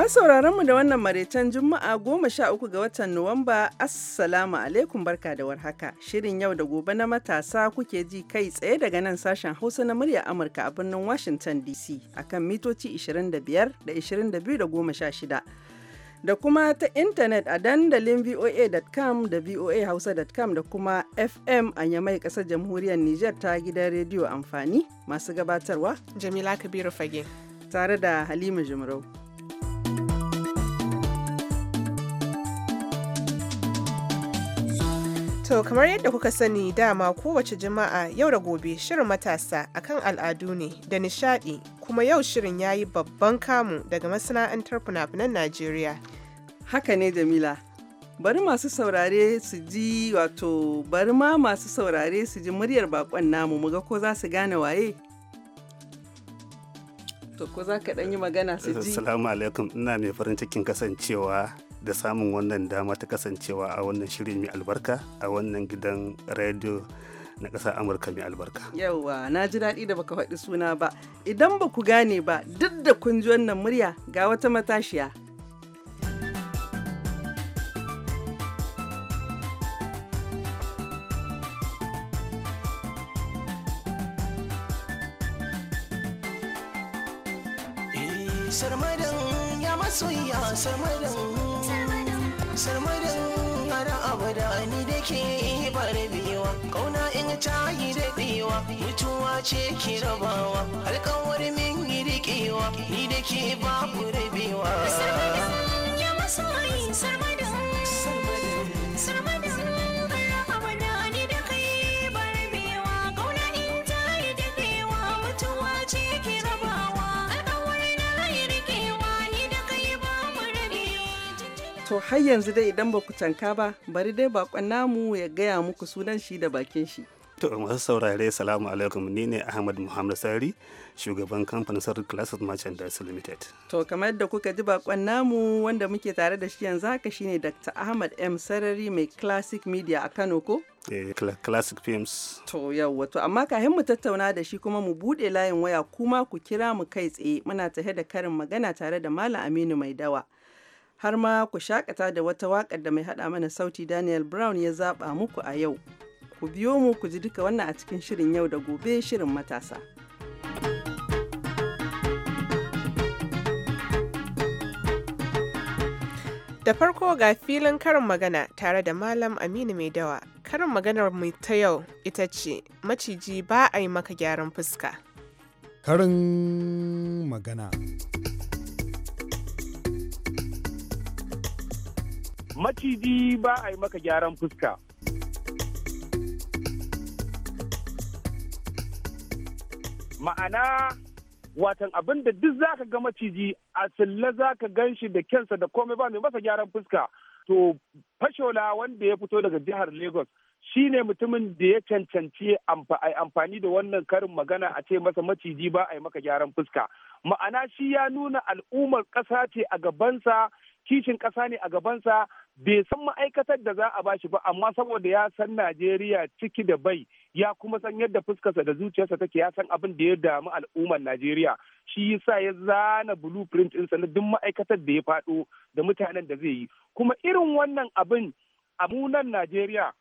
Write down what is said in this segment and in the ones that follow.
sauraron mu da wannan maraicen Juma'a goma sha uku ga watan Nuwamba, Assalamu alaikum barka da warhaka. Shirin yau da gobe na matasa kuke ji kai tsaye daga nan sashen Hausa na murya Amurka a birnin Washington DC akan mitoci 25 da 22 da goma sha shida. Da kuma ta intanet a dandalin voa.com da voahausa.com da kuma FM a yamai kasar jamhuriyar Nijar ta gidan rediyo amfani masu gabatarwa. Jamila Kabiru Fage. Tare da Halima Jumrau. To kamar yadda kuka sani dama kowace juma'a yau da gobe shirin matasa akan al'adu ne da nishadi kuma yau shirin ya yi babban kamu daga masana'antar fina-finan Najeriya. Haka ne Jamila. Bari masu saurare su ji wato bari ma masu saurare su ji muryar bakon namu muga ko za su gane waye. To ko za ka ɗan yi magana su ji. Assalamu alaikum ina mai farin cikin kasancewa da samun wannan dama ta kasancewa a wannan shirin mai albarka a wannan gidan rediyo na ƙasa amurka mai albarka yawwa na ji daɗi da baka faɗi suna ba idan ba ku gane ba duk da kun ji wannan murya ga wata matashiya eh, sarmadan ya masoya sarmadan sarmadan gara abada ni da ke ba rabewa kauna in ta yi daɗewa mutuwa ce ke rabawa alkawar min yi riƙewa ni da ke babu rabewa sarmadan ya masoyi sarmadan sarmadan To har yanzu dai idan ba ku canka ba, bari dai bakon namu ya gaya muku sunan shi da bakin shi. To masu saurare salamu alaikum ni ne Ahmad Muhammad Sari shugaban kamfanin Sarri Classic Merchandise Limited. To kamar yadda kuka ji bakon namu wanda muke tare da shi yanzu haka shine Dr. Ahmad M Sarari mai Classic Media a Kano ko? Eh, classic films. To yau to amma ka mu tattauna da shi kuma mu bude layin waya kuma ku kira mu kai tsaye muna tahe da karin magana tare da Malam Aminu Mai Dawa. har ma ku shakata da wata waƙar da mai haɗa mana sauti Daniel Brown ya zaɓa muku a yau. Ku biyo mu ku ji duka wannan a cikin shirin yau da gobe shirin matasa. Da farko ga filin karin magana tare da Malam Aminu Mai dawa. Karin maganar mu ta yau ita ce, maciji ba a yi maka gyaran fuska. Karin magana. maciji ba a yi maka gyaran fuska ma'ana watan abin da duk ka ga maciji a sille zaka gan shi da kyansa da komai ba mai masa gyaran fuska to fashola wanda ya fito daga jihar lagos shine mutumin da ya cancanci amfani da wannan karin magana a ce masa maciji ba a yi maka gyaran fuska ma'ana shi ya nuna al'ummar ƙasa ce a gabansa kishin ƙasa ne a gabansa bai san ma'aikatar da za a bashi ba amma saboda ya san Najeriya ciki da bai ya kuma san yadda fuskarsa da zuciyarsa take ya san abin da ya damu al'ummar Najeriya shi yasa ya zana blueprint ɗinsa na duk ma'aikatar da ya faɗo da mutanen da zai yi kuma irin wannan abin a munan Najeriya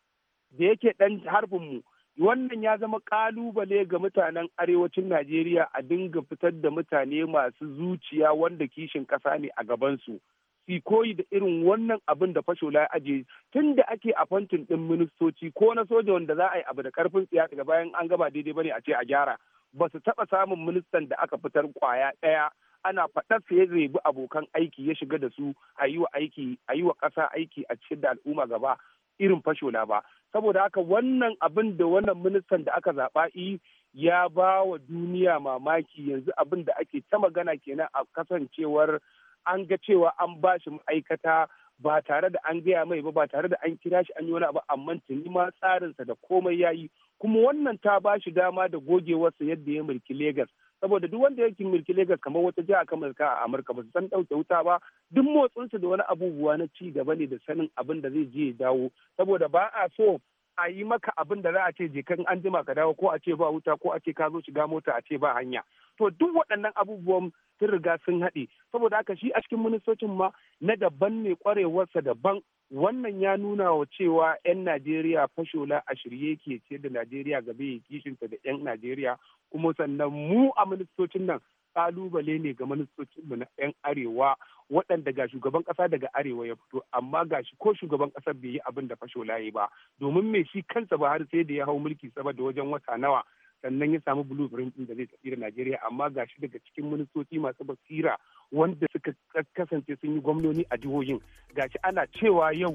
da yake ɗan mu wannan ya zama kalubale ga mutanen arewacin Najeriya a dinga fitar da mutane masu zuciya wanda kishin ƙasa ne a gabansu. sikoyi koyi da irin wannan abin da fashola ya aje tun da ake a fantin din ministoci ko na soja wanda za a yi abu da karfin tsiya daga bayan an gaba daidai bane a ce a gyara ba su taba samun ministan da aka fitar kwaya daya ana faɗar ya zai abokan aiki ya shiga da su a yi wa aiki a yi wa kasa aiki a cikin da al'umma gaba irin fashola ba saboda haka wannan abin da wannan ministan da aka zaɓa yi ya ba wa duniya mamaki yanzu abin da ake ta magana kenan a kasancewar an ga cewa an ba shi ma'aikata ba tare da an gaya mai ba ba tare da an kira shi an yi wani abu amma tuni ma tsarin sa da komai ya yi kuma wannan ta ba shi dama da gogewarsa yadda ya mulki Legas saboda duk wanda yake mulki Legas kamar wata jiha kamar ka a Amurka ba su san ɗauke wuta ba duk motsinsa da wani abubuwa na ci gaba ne da sanin abin da zai je ya dawo saboda ba a so a yi maka abin da za a ce je kan an jima ka dawo ko a ce ba wuta ko a ce ka zo shiga mota a ce ba hanya to duk waɗannan abubuwan sun riga sun haɗe saboda haka shi a cikin ministocin ma na daban ne kwarewarsa daban wannan ya nuna wa cewa 'yan najeriya fashola a shirye ke ce da najeriya gabe ya kishinta da 'yan najeriya kuma sannan mu a ministocin nan kalubale ne ga mu na 'yan arewa waɗanda ga shugaban ƙasa daga arewa ya fito amma ga shi ko shugaban ƙasar bai yi abin da fashola ya ba domin me shi kansa ba har sai da ya hau mulki saboda wajen wata nawa sannan ya samu blueprint da zai tafi da Najeriya amma gashi daga cikin ministoci masu basira wanda suka kasance sun yi gwamnoni a jihohin gashi ana cewa yau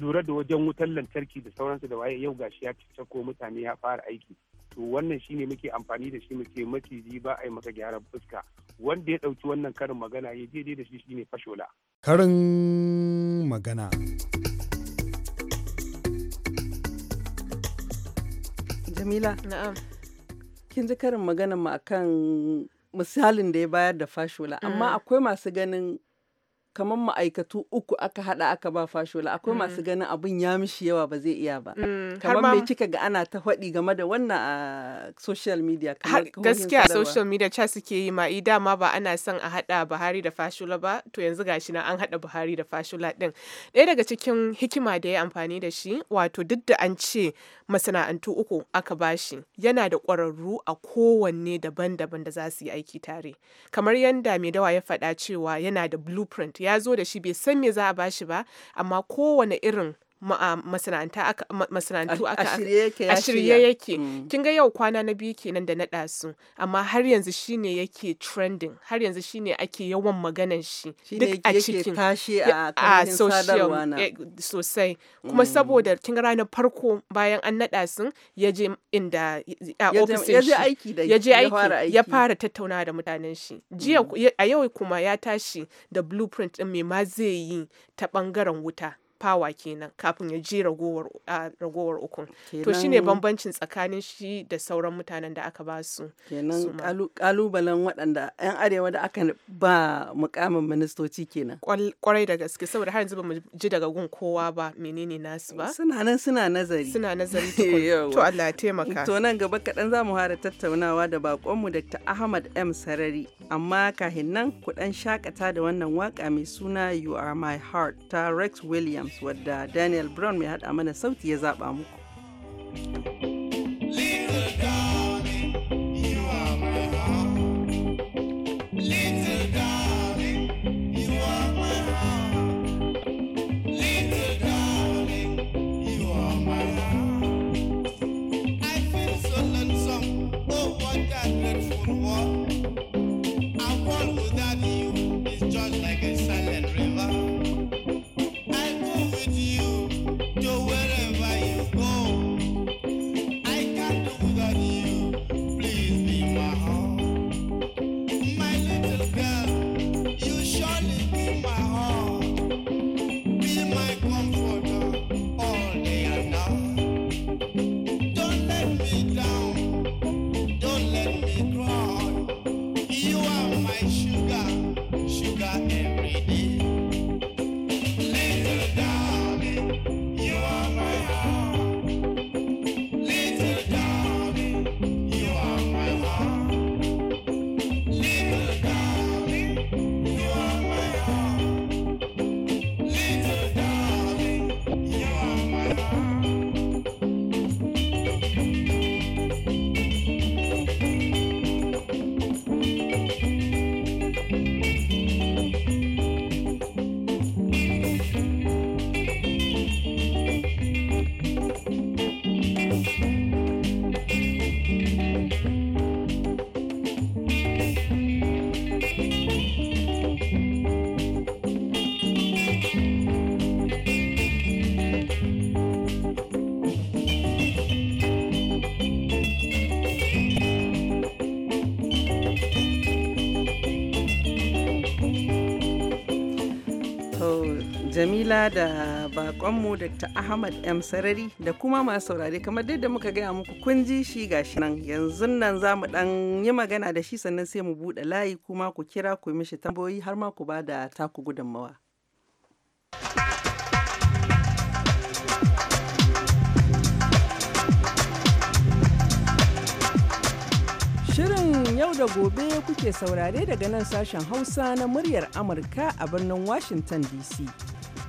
lura da wajen wutar lantarki da sauransu da waye yau gashi ya ko mutane ya fara aiki to wannan shine muke amfani da shi muke maciji ba a yi maka gyaran fuska wanda ya ɗauki wannan karin magana ya daidai da shi shine fashola karin magana jamila na'am kin ji karin magana ma akan misalin da ya bayar da fashola amma mm. akwai masu ganin kamar ma'aikatu uku aka hada aka ba fashola akwai mm. masu ganin abun ya mishi yawa ba zai iya ba mm. kamar me kika ga ana ta faɗi game da wannan a social media gaskiya social media ca suke yi ma Dama ba ana son a hada Buhari da fashola ba to yanzu gashi na an hada Buhari da fashola din ɗaya daga cikin hikima da ya amfani da shi wato duk da an ce masana'antu uku aka bashi yana da ƙwararru a kowanne daban-daban da za su yi aiki tare kamar yanda mai dawa ya faɗa cewa yana da blueprint ya zo da shi bai san me za a bashi ba amma kowane irin masana'antu a shirye yake mm. kin ga yau kwana na biyu kenan da naɗa su amma har yanzu shine yake trending har yanzu shine ake yawan maganan shi duk a cikin a social sosai kuma mm. saboda kin ga ranar farko bayan an naɗa su ya je inda a ofishin shi ya je aiki ya fara tattaunawa da mutanen shi jiya mm. a yau kuma ya tashi da blueprint din me ma zai yi ta bangaren wuta fawa kenan kafin ya ji ragowar ukun to shine bambancin tsakanin shi da sauran mutanen da aka ba su kenan kalubalen waɗanda 'yan arewa da aka ba mukamin ministoci kenan kwarai da gaske saboda har yanzu ba mu ji daga gun kowa ba menene nasu ba suna nan suna nazari suna nazari to Allah taimaka to nan gaba kaɗan za mu fara tattaunawa da bakonmu Dr. Ahmad M Sarari amma kahin nan ku ɗan shakata da wannan waka mai suna You Are My Heart ta Rex Williams Adams wadda Daniel Brown mai haɗa mana sauti ya zaɓa muku. Jamila da bakonmu Dr. Ahmad M. Sarari da kuma masu saurare kamar da muka gaya muku kun ji shi ga shi nan yanzu nan za mu dan yi magana da shi sannan sai mu buɗe layi kuma ku kira ku mishi tambayoyi har ma ku ba da taku gudunmawa. Shirin yau da gobe kuke saurare daga nan sashen Hausa na muryar Amurka a birnin Washington DC.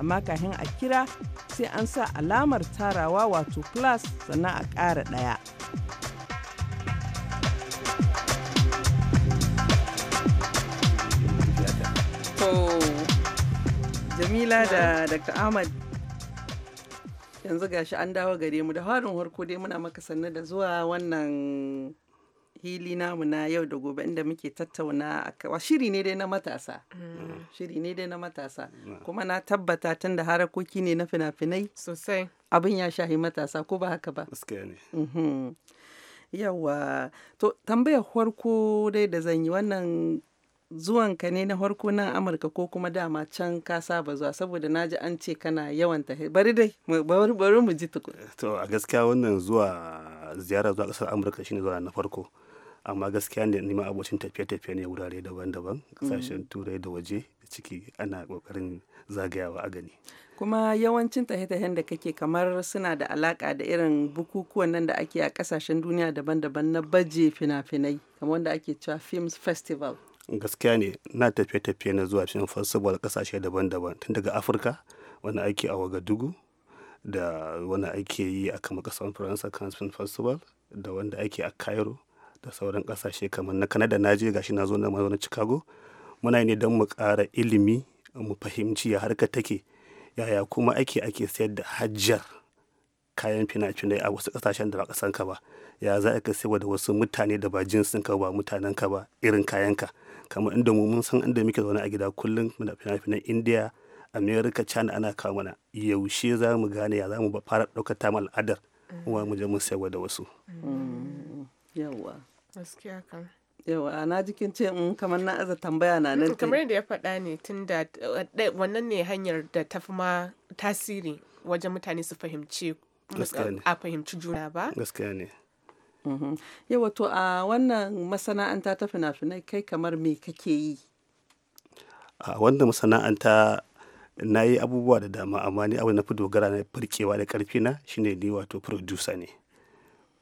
amma kafin a kira sai an sa alamar tarawa wato plus sannan a ƙara ɗaya. Jamila da Dr. Ahmad yanzu gashi an dawo gare mu da harin harko dai muna maka sannu da zuwa wannan hili namu na yau da gobe inda muke tattauna a shiri ne dai na matasa mm. shiri ne dai na matasa mm. kuma na tabbata tun da harakoki ne na fina-finai sosai abin ya shahi matasa ko ba haka ba yawa mhm. to tambayar farko dai da zan yi wannan ka ne na farko nan amurka ko kuma dama can ka saba zuwa saboda na ji an ce kana yawan ta bari dai bari mu ji to a gaskiya wannan zuwa ziyara zuwa kasar amurka shine zuwa na farko amma gaskiya ne nima abocin tafiye-tafiye ne wurare daban-daban kasashen turai da waje da ciki ana kokarin zagayawa a gani kuma yawancin tahe-tahen da kake kamar suna da alaka da irin bukukuwan nan da ake a kasashen duniya daban-daban na baje fina-finai kamar wanda ake cewa films festival gaskiya ne na tafiye-tafiye na zuwa film festival kasashe daban-daban tun daga afirka wani aiki a wagadugu da wani ake yi a kama kasar faransa kan film festival da wanda ake a cairo da sauran kasashe kamar na kanada na je gashi na zo na mazaunin chicago muna ne don mu kara ilimi mu fahimci ya harka take yaya kuma ake ake sayar da hajjar kayan fina-finai a wasu kasashen da ba kasan ka ba ya za a sayar da wasu mutane da ba jinsin ka ba mutanen ka ba irin kayan ka kamar inda mu mun san inda muke zaune a gida kullum muna fina-finan india america china ana kawo mana yaushe za mu gane ya za mu fara ɗaukar ta al'adar wa mu je mu sayar da wasu mm. Mm. gaskiya kan yawa na jikin ce in kamar na aza tambaya na nan kamar yadda ya faɗa ne tun da eh, wannan ne hanyar da ta fi ma tasiri wajen mutane su fahimci a fahimci juna ba gaskiya ne mm-hmm. yawa to a wannan masana'anta ta fina-finai kai kamar me kake yi a wannan masana'anta na yi abubuwa da dama amma ni abu na fi dogara na farkewa da karfina na shine ni wato producer ne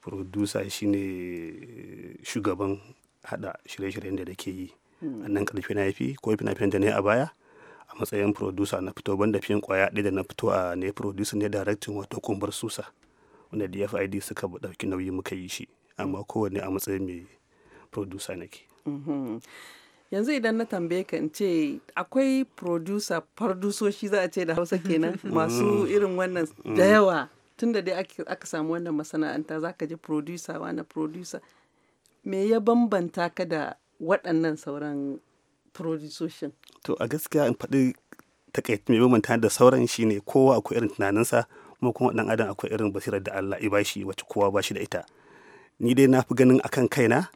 shi shine eh, shugaban hada shirye-shiryen da nake yi hmm. a nan karfi na fi ko fina-finan da ne a baya a matsayin furodusa na fito banda fiye kwaya ɗaya da na fito a ne furodusa ne directing wato kumbar susa wanda dfid suka ɗauki nauyi muka yi shi amma kowanne a matsayin mai furodusa nake mm-hmm. yanzu idan na tambaye ka in ce akwai furodusa fardusoshi za a ce da hausa kenan masu mm. irin wannan mm. da yawa tun da dai aka samu wannan masana'anta za ka ji producer na producer me ya bambanta ka da waɗannan sauran producer to a gaskiya in faɗi takaitu mai bambanta da sauran shi ne kowa akwai irin tunaninsa kuma kuma ɗan adam akwai irin basirar da Allah ya bashi wacce kowa ba shi da ita ni dai na fi ganin akan kaina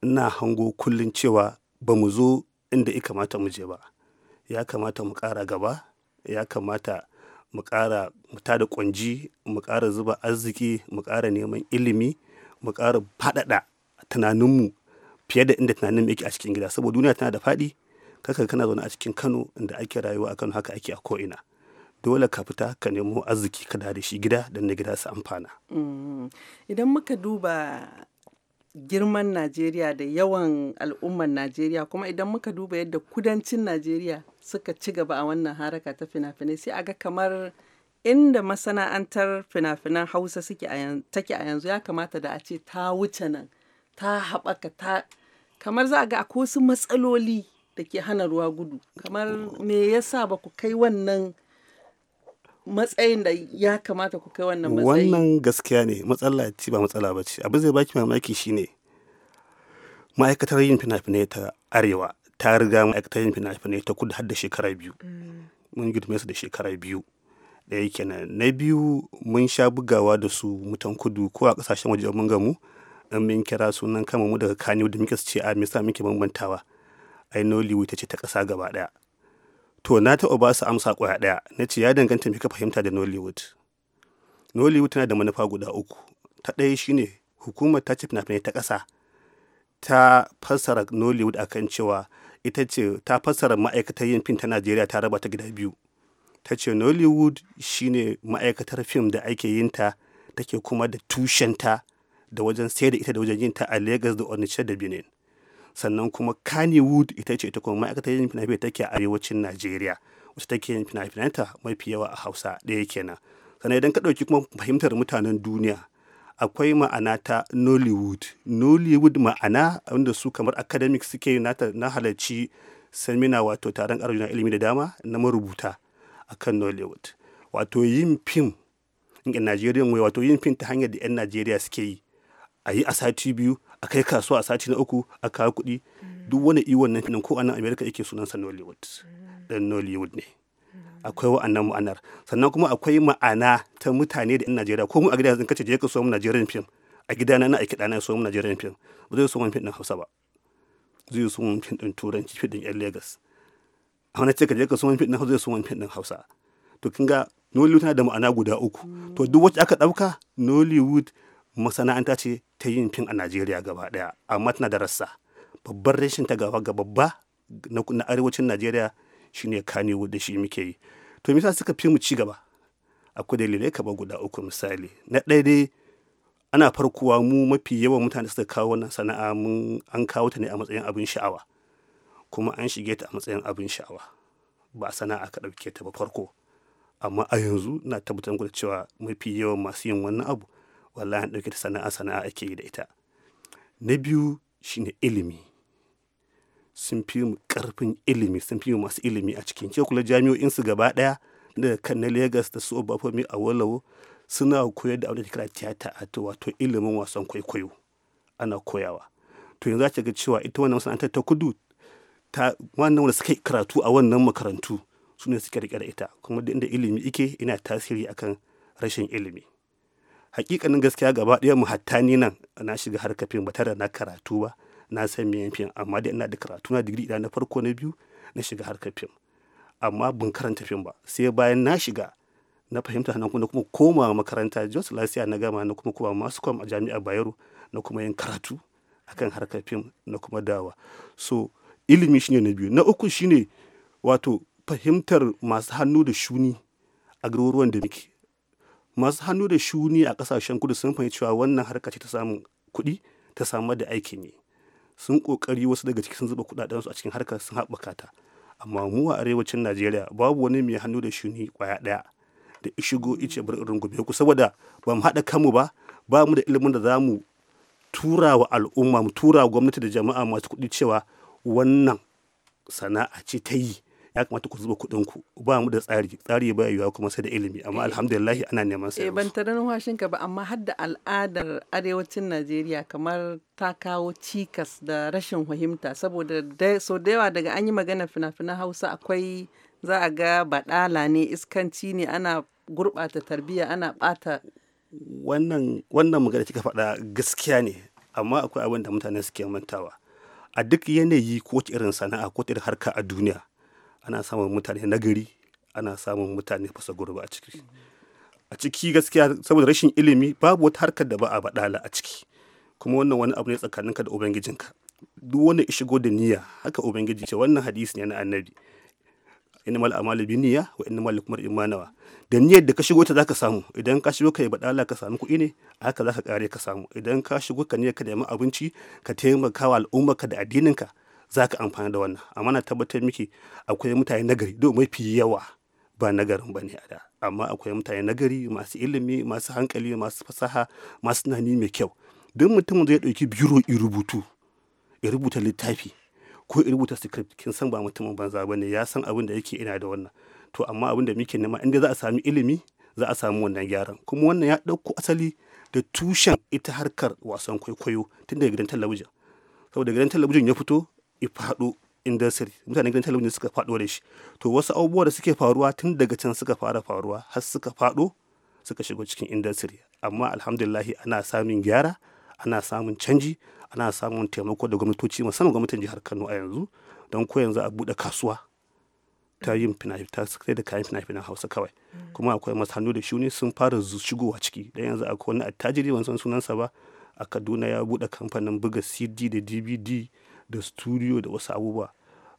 ina hango kullum cewa ba mu zo inda ya kamata mu je ba ya kamata mu ƙara gaba ya kamata mu ƙara mu tada ƙunji mu ƙara zuba arziki mu ƙara neman ilimi mu ƙara faɗaɗa tunaninmu fiye da inda tunanin yake a cikin gida saboda duniya tana da faɗi kaka kana zaune a cikin kano inda ake rayuwa a kano haka ake a ko'ina dole ka fita ka nemo arziki ka da shi gida don na gida su amfana mm. idan muka duba girman najeriya da yawan al'ummar najeriya kuma idan muka duba yadda kudancin najeriya suka ci gaba a wannan haraka ta fina-finai sai aga kamar inda masana'antar fina-finan hausa suke take a yanzu ya kamata da a ce ta wuce nan ta haɓaka ta kamar za a ga akwai wasu matsaloli da ke hana ruwa gudu kamar me yasa ba ku kai wannan matsayin da ya kamata ku kai wannan matsayi wannan gaskiya ne matsala ce ba matsala ba ce abin zai baki mamaki shine ma'aikatar yin fina-finai ta arewa ta riga ma'aikatar yin fina-finai ta kudu har da shekara biyu mun girme su da shekara biyu ɗaya kenan na biyu mun sha bugawa da su mutan kudu ko a kasashen waje mun gamu an mun kira sunan kama mu daga kani da muke ce a misa muke bambantawa ai nollywood ta ce ta kasa gaba ɗaya to na taɓa ba su amsa kwaya daya na ce ya danganta me fahimta da nollywood nollywood tana da manufa guda uku ta ɗaya shine hukumar ta ce fina-finai ta ƙasa ta fassara nollywood akan cewa ita ce ta fassara ma'aikatar yin fim ta najeriya ta raba ta gida biyu ta ce nollywood shine ma'aikatar fim da ake yin ta take kuma da tushen ta da wajen sai da ita da wajen yin ta a lagos da onitsha da benin sannan kuma kannywood ita ce ita kuma ma'aikatar yin fim ta ke a arewacin najeriya wacce take yin fina ta mafi yawa a hausa ɗaya kenan sannan idan ka ɗauki kuma fahimtar mutanen duniya akwai ma'ana ta nollywood nollywood ma'ana wanda su kamar academic suke na halarci semina wato taron arjuna ilimi da dama na marubuta akan nollywood wato yin fim in nigeria wai wato yin fim ta hanyar da 'yan nigeria suke yi a yi a sati biyu a kai kasuwa a sati na uku a kawo kuɗi duk wani iwon nan ko anan america yake sunansa nollywood dan nollywood ne akwai wa'annan ma'anar sannan kuma akwai ma'ana ta mutane da 'yan najeriya ko mu a zan kace je ka so mu nigerian film a gidana na aiki ɗana so mu Najeriya fim ba zai so mu ɗin hausa ba zai so mu fim ɗin turanci fim ɗin 'yan lagos a wani ce je ka so mu film ɗin hausa zai so mu ɗin hausa to kin ga nollywood tana da ma'ana guda uku to duk wacce aka ɗauka nollywood masana'anta ce ta yin fim a najeriya gaba ɗaya amma tana da rassa babbar rashin ta gaba ga babba na arewacin najeriya shine kani da shi muke yi to misa suka fi mu ci gaba akwai dalilai kamar guda uku misali na ɗaya dai ana farkuwa mu mafi yawan mutane suka kawo wannan sana'a mun an kawo ta ne a matsayin abin sha'awa kuma an shige ta a matsayin abin sha'awa ba sana'a ka ɗauke ta ba farko amma a yanzu na tabbatar da cewa mafi yawan masu yin wannan abu wallahi an ɗauke ta sana'a sana'a ake yi da ita na biyu shine ilimi sun fi mu karfin ilimi sun fi mu masu ilimi a cikin ke kula jami'o'in su gaba daya da kan na Lagos da su obafomi a Wolowo suna koyar da abin da kira tiyata a to wato ilimin wasan kwaikwayo ana koyawa to yanzu za ga cewa ita wannan masana'antar ta kudu ta wannan wanda suka karatu a wannan makarantu su ne suke rike da ita kuma da inda ilimi ike ina tasiri akan rashin ilimi hakikanin gaskiya gaba ɗaya mu hatta ni nan na shiga harkafin fim ba tare na karatu ba na san me fim amma dai ina da karatu na digiri na farko na biyu na shiga harkar fim amma ban karanta fim ba sai bayan na shiga na fahimta na kuma koma makaranta jos lasiya na gama na kuma kuma masu kwam a jami'ar bayero na kuma yin karatu akan harkar fim na kuma dawa so ilimi shine na biyu na uku shine wato fahimtar masu hannu da shuni a garuruwan da muke masu hannu da shuni a kasashen kudu sun fahimci cewa wannan harka ce ta samun kuɗi ta samar da aikin yi sun kokari wasu daga cikin sun zuba kudaden su a cikin harkar sun haɓaka ta amma mu a arewacin najeriya babu wani mai hannu da shuni kwaya daya da ishigo ice bar gobe ku saboda ba mu haɗa kanmu ba ba mu da ilimin da za mu tura wa al'umma mu tura gwamnati da jama'a masu kuɗi cewa wannan sana'a ce ta yi ya kamata ku zuba kuɗin ku ba mu da tsari tsari ba yiwuwa kuma sai da ilimi amma eh. alhamdulillah ana neman sai eh, ban tare ka ba amma har da al'adar arewacin Najeriya kamar ta kawo cikas da rashin fahimta saboda so da yawa daga an yi magana fina-finan Hausa akwai za a ga baɗala ne iskanci ne ana gurɓata tarbiyya ana ɓata wannan wannan magana kika faɗa gaskiya ne amma akwai abin da mutane suke mantawa a duk yanayi ko irin sana'a ko irin harka a duniya ana samun mutane nagari ana samun mutane fasa gurba a ciki a ciki gaskiya saboda rashin ilimi babu wata harkar da ba a baɗala a ciki kuma wannan wani abu ne tsakaninka da ubangijinka duk wanda ya shigo da niyya haka ubangiji ce wannan hadisi ne na annabi mal a'malu bi niyya wa mal kumar imanawa da niyyar da ka shigo ta zaka samu idan ka shigo kai baɗala ka samu kuɗi ne haka zaka kare ka samu idan ka shigo ka ne ka nemi abinci ka taimaka wa al'ummarka da addininka za ka amfana da wannan amma na tabbatar miki akwai mutane nagari do mafi yawa ba nagarin ba ne a da amma akwai mutane nagari masu ilimi masu hankali masu fasaha masu tunani mai kyau duk mutum zai ɗauki biro in rubutu in rubuta littafi ko in rubuta script kin san ba mutumin banza ba ne ya san abin da yake ina da wannan to amma abin da muke nema inda za a sami ilimi za a samu wannan gyaran kuma wannan ya ɗauko asali da tushen ita harkar wasan kwaikwayo tun daga gidan talabijin saboda gidan talabijin ya fito faɗo industry mutanen gidan talabijin suka faɗo da shi to wasu abubuwa da suke faruwa tun daga can suka fara faruwa har suka faɗo suka shigo cikin industry amma alhamdulillahi ana samun gyara ana samun canji ana samun taimako da gwamnatoci musamman gwamnatin jihar kano a yanzu don ko yanzu a buɗe kasuwa ta yin fina-fina sai da kayan fina-finan hausa kawai kuma akwai masu hannu da shuni sun fara shigowa ciki da yanzu akwai wani attajiri wani san sunansa ba a kaduna ya buɗe kamfanin buga cd da dvd da studio da wasu abubuwa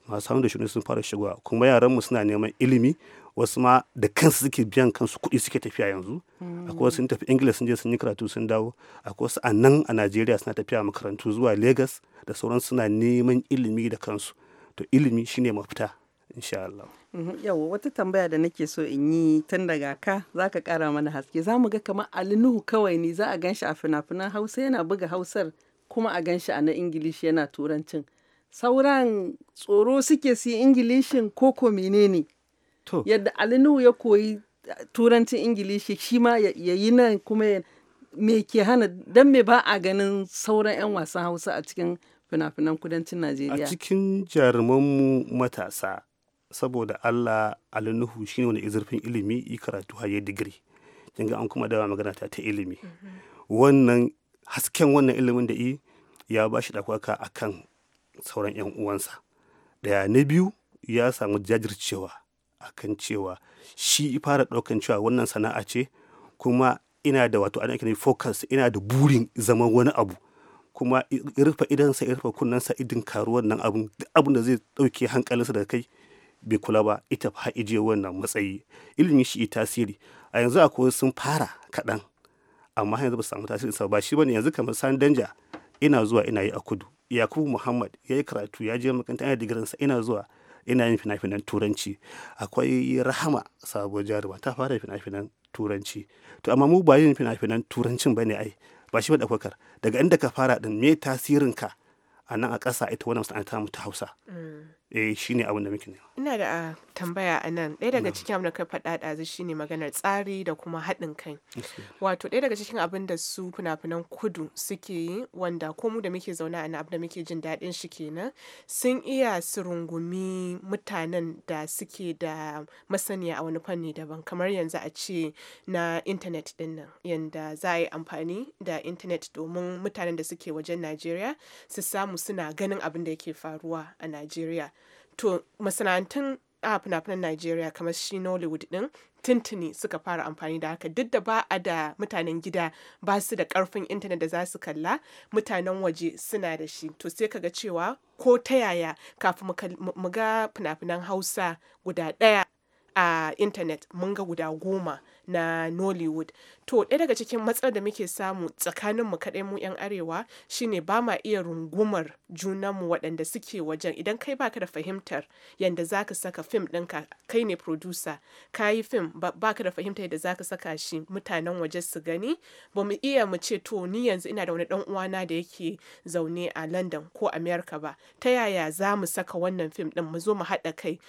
masu hannu da shi sun fara shigowa kuma yaran mu suna neman ilimi wasu ma da kansu suke biyan kansu kuɗi suke tafiya yanzu hmm. akwai wasu tafi ingila sun je sun yi karatu sun dawo akwai wasu a nan a najeriya suna tafiya makarantu zuwa lagos da sauran suna neman ilimi da kansu to ilimi shine mafita insha Allah. Mhm. Yau wata tambaya da nake so in yi tun daga ka za ka kara mana haske za mu ga kamar Ali Nuhu kawai ne za a gan shi a fina-finan Hausa yana buga Hausar kuma a gan shi a na ingilishi yana turancin sauran tsoro suke su ingilishin koko menene yadda alinu ya koyi turancin ingilishi shi ma ya yi nan kuma me ke hana don me ba a ganin sauran 'yan wasan hausa a cikin fina-finan kudancin najeriya a cikin jarumanmu matasa saboda allah alinuhu ne wani izurfin ilimi yi karatu haye digiri jinga an kuma dawa magana ta ta ilimi mm-hmm. wannan hasken wannan ilimin da yi ya ba shi ɗaukaka a kan sauran 'yan uwansa ɗaya na biyu ya samu jajircewa a kan cewa shi fara ɗaukan cewa wannan sana'a ce kuma ina da wato ana focus ina da burin zaman wani abu kuma rufe idansa irfa rufe kunnensa idin karuwan nan abun abun da zai ɗauke hankalinsa da kai bai kula ba ita fa ije wannan matsayi ilimin shi tasiri a yanzu akwai sun fara kaɗan amma yanzu ba su samu tasirin sa ba shi bane yanzu kamar san danja ina zuwa ina yi a kudu yakubu muhammad ya yi karatu ya je makaranta yana digirinsa ina zuwa ina yin fina-finan turanci akwai rahama sabuwar jaruma ta fara fina-finan turanci to amma mu ba yin fina-finan turancin bane ai ba shi ba daga inda ka fara din me tasirin ka a nan a ƙasa ita wannan masana'anta mu ta hausa mm. eh ne abin da muke ina da ah, tambaya a nan ɗaya daga cikin abin da ka faɗa ɗazu ne maganar tsari da kuma haɗin kai wato ɗaya daga cikin abin da su fina-finan kudu suke yi wanda ko mu da muke zauna a nan abin da muke jin daɗin shi kenan sun iya su rungumi mutanen da suke da masaniya a wani fanni daban kamar yanzu a ce na intanet ɗin nan yanda za a yi amfani da intanet domin mutanen da suke wajen najeriya su samu suna ganin abin da yake faruwa a najeriya to masana'antun a ah, fina-finan Najeriya kamar shi Nollywood din tuntuni suka fara amfani da haka duk da ba a da mutanen gida ba su da karfin intanet da za su kalla mutanen waje suna da shi to sai ka ga cewa ko ta yaya kafin mu ga fina-finan Hausa guda ɗaya a intanet mun ga guda goma na nollywood to ɗaya daga cikin matsalar da muke samu tsakanin mu kaɗai mu 'yan arewa shine ba ma iya rungumar junanmu waɗanda suke wajen idan kai baka da fahimtar yadda za ka saka fim ɗinka kai ne producer ka yi fim ba ka da fahimtar yadda za ka saka shi mutanen waje su gani ba mu iya mu ce to ni yanzu ina da wani ɗan uwana da yake zaune a london ko america ba ta yaya za mu saka wannan fim ɗin mu zo mu haɗa kai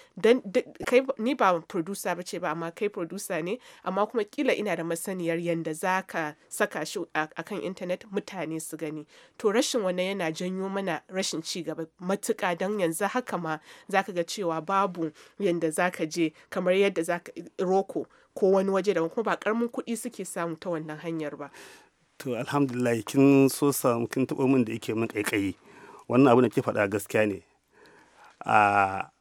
ni ba producer ba ce ba amma kai producer ne amma kuma kila ina da masaniyar yadda za ka saka shi a kan intanet mutane su gani to rashin wannan yana janyo mana rashin ci gaba matuka don yanzu haka ma za ka ga cewa babu yadda za ka je kamar yadda za ka roko ko wani waje da kuma ba karamin kuɗi suke samu ta wannan hanyar ba to alhamdulillah kin so samu kin taɓa min da yake min kaikayi wannan abu da ke faɗa gaskiya ne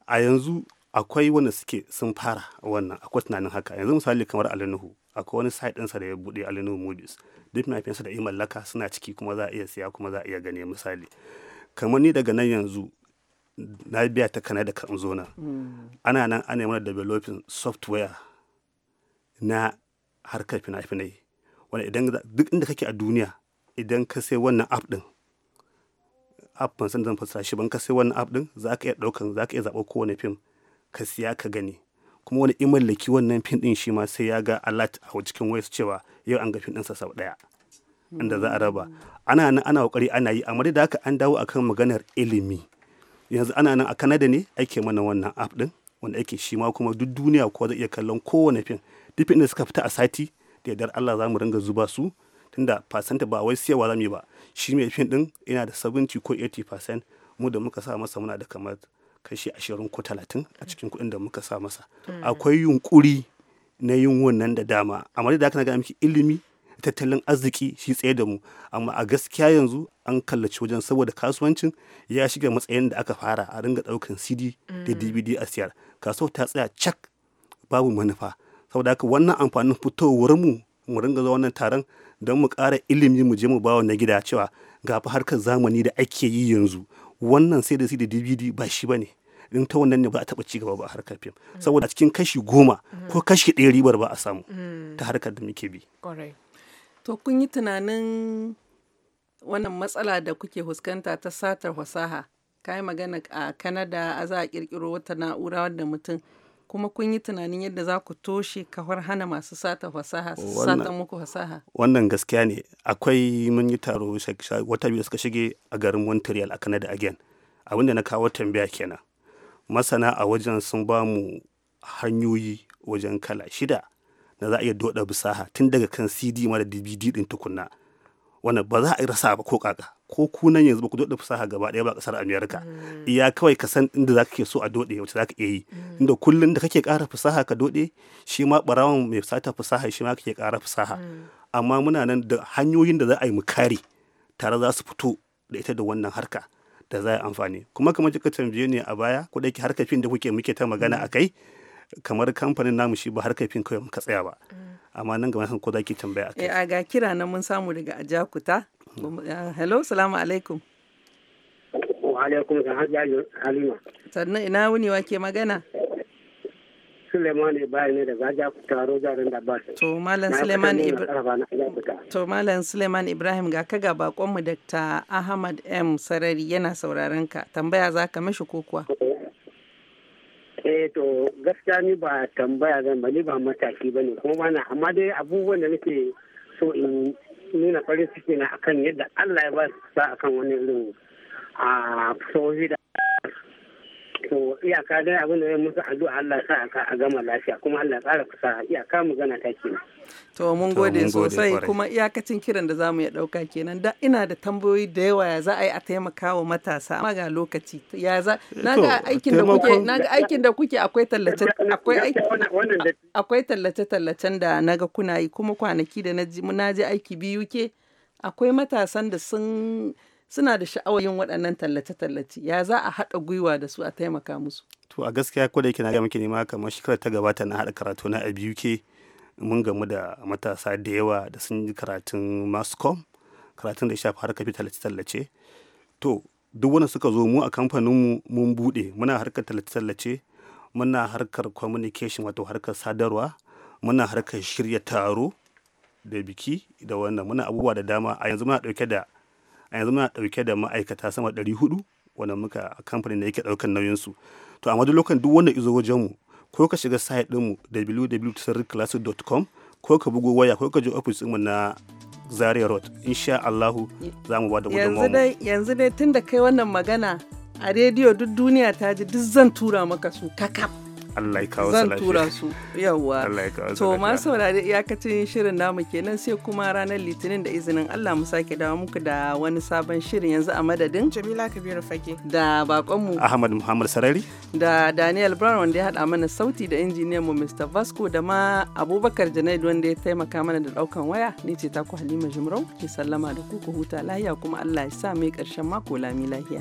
a yanzu akwai wanda suke sun fara wannan akwai tunanin haka yanzu misali kamar alinuhu akwai wani site ɗinsa da ya buɗe alinuhu movies duk mafiyansa da mallaka suna ciki kuma za a iya siya kuma za a iya gani misali kamar ni daga nan yanzu na biya ta kana da kan zona hmm. ana nan ana mana developing software na harkar fina-finai wanda idan duk inda kake a duniya idan ka sai wannan app din app ban san zan fassara shi ban ka sai wannan app din za ka iya daukan za ka iya zaɓar kowane fim ka siya ka gani kuma wani imar mallaki wannan fim din shi ma sai ya ga alat a cikin wayar cewa yau an ga fim ɗinsa sau ɗaya inda za a raba ana nan ana kokari ana yi amma da haka an dawo akan maganar ilimi yanzu ana nan a Canada ne ake mana wannan app din wanda ake shi ma kuma duk duniya ko zai iya kallon kowane fim duk fim da suka fita a sati da yardar Allah za mu ringa zuba su tunda fasanta ba wai siyarwa za mu yi ba shi mai fim din yana da 70 ko 80 mu da muka sa masa muna da kamar kashi ashirin ko talatin a cikin kuɗin da muka sa masa akwai yunkuri na yin wannan da dama amma da aka ga miki ilimi tattalin arziki shi tsaye da mu amma a gaskiya yanzu an kallaci wajen saboda kasuwancin ya shiga matsayin da aka fara a ringa ɗaukan cd da dvd a siyar kasuwa ta tsaya cak babu manufa saboda haka wannan amfanin fitowar mu mu ringa zuwa wannan taron don mu ƙara ilimi mu je mu bawa na gida cewa ga fa harkar zamani da ake yi yanzu wannan sai da da dvd ba shi ba ne in ta wannan ne ba a taɓa ci ba a harkar fim saboda a cikin kashi goma ko kashi ɗaya ribar ba a samu mm. ta harkar da muke bi to kun yi tunanin wannan matsala da kuke fuskanta ta satar fasaha ka yi magana a kanada a za a kirkiro wata na'ura wanda mutum kuma kun yi tunanin yadda za ku toshe kawar hana masu sata fasaha su sata muku fasaha wannan gaskiya ne akwai mun yi taro wata biyu suka shige a garin montreal a canada again abinda na kawo tambaya kenan masana a wajen sun ba mu hanyoyi wajen kala shida na za a iya doda bisaha tun daga kan cd mara dvd din tukunna wanda ba za a rasa ba ko kaka ko kunan yanzu ba ku dode fasaha gaba ɗaya ba kasar Amerika mm. iya kawai ka san inda zaka ke so a dode wacce zaka iya yi mm. inda kullum da kake ƙara fasaha ka dode shi ma barawon mai sata fasaha shi ma kake ƙara fasaha mm. amma muna nan da hanyoyin da za a yi mu kare tare za su fito da ita da wannan harka da za a amfani kuma kamar kika tambaye ni a baya ko da harkar da kuke muke ta magana kai kamar kamfanin namu shi ba harkar fin kawai muka tsaya ba amma nan gaba kan ko zaki tambaya A kai. Eh, ga kira nan mun samu daga Ajakuta eh, hello salamu alaikum wa alaikum salam halima sannan ina wuni ke magana Suleiman Ibrahim ne daga Ajakuta Rojarin da Bas to malam Suleiman Ibrahim to malam Suleiman Ibrahim ga kaga ga bakonmu Dr. Ahmad M Sarari yana sauraron ka tambaya ka mashi ko kuwa eh, eh to gaskiya ni ba tambaya zan ba ni ba mataki ba ne kuma ba na amma dai abubuwan da nake so in nuna farin ciki na akan yadda Allah ya ba su sa akan wani irin a ah, sauri da iyaka dai abin da zai musu addu'a Allah sa a gama lafiya kuma Allah ƙara kusa iyaka magana ta kenan. To mun gode sosai kuma iyakacin kiran da zamu ya ɗauka kenan da ina da tambayoyi da yawa ya za a yi a taimaka wa matasa amma ga lokaci ya za na ga aikin da kuke naga aikin da kuke akwai tallace akwai akwai tallace tallacen da naga kuna yi kuma kwanaki da na naji aiki biyu ke akwai matasan da sun suna da sha'awar yin waɗannan tallace-tallace ya za a haɗa gwiwa da su a taimaka musu to a gaskiya ko da yake na ga muke nema kamar shekarar ta gabata na haɗa karatu na a biyu ke mun gamu da matasa da yawa da sun yi karatun mascom karatun da ya shafi harkar tallace-tallace to duk wanda suka zo mu a kamfaninmu mun buɗe muna harkar tallace-tallace muna harkar communication wato harkar sadarwa muna harkar shirya taro da biki da wannan muna abubuwa da dama a yanzu muna ɗauke da a yanzu muna ɗauke da ma'aikata sama ɗari hudu wanda muka a kamfanin da yake ɗaukan nauyinsu to amma duk lokacin duk wanda izo wajen mu ko ka shiga site ɗinmu www.sarriclassic.com ko ka bugo waya ko ka je office ɗinmu na Zaria Road insha Allahu za mu ba da gudunmawa yanzu dai tun da kai wannan magana a rediyo duk duniya ta ji duk zan tura maka su kakaf Allah ya kawo Zan tura su Yawwa. Allah ya kawo To ma saurari iyakacin shirin namu kenan sai kuma ranar Litinin da izinin Allah mu sake dawo muku da wani sabon shirin yanzu a madadin Jamila Kabiru Fage da bakonmu Ahmad Muhammad Sarari da Daniel Brown wanda ya haɗa mana sauti da injiniyan mu Mr Vasco da ma Abubakar Janaid wanda ya taimaka mana da ɗaukan waya ni ce ta ku Halima jimrau ke sallama da ku ku huta lahiya kuma Allah ya sa mai karshen mako lami lahiya.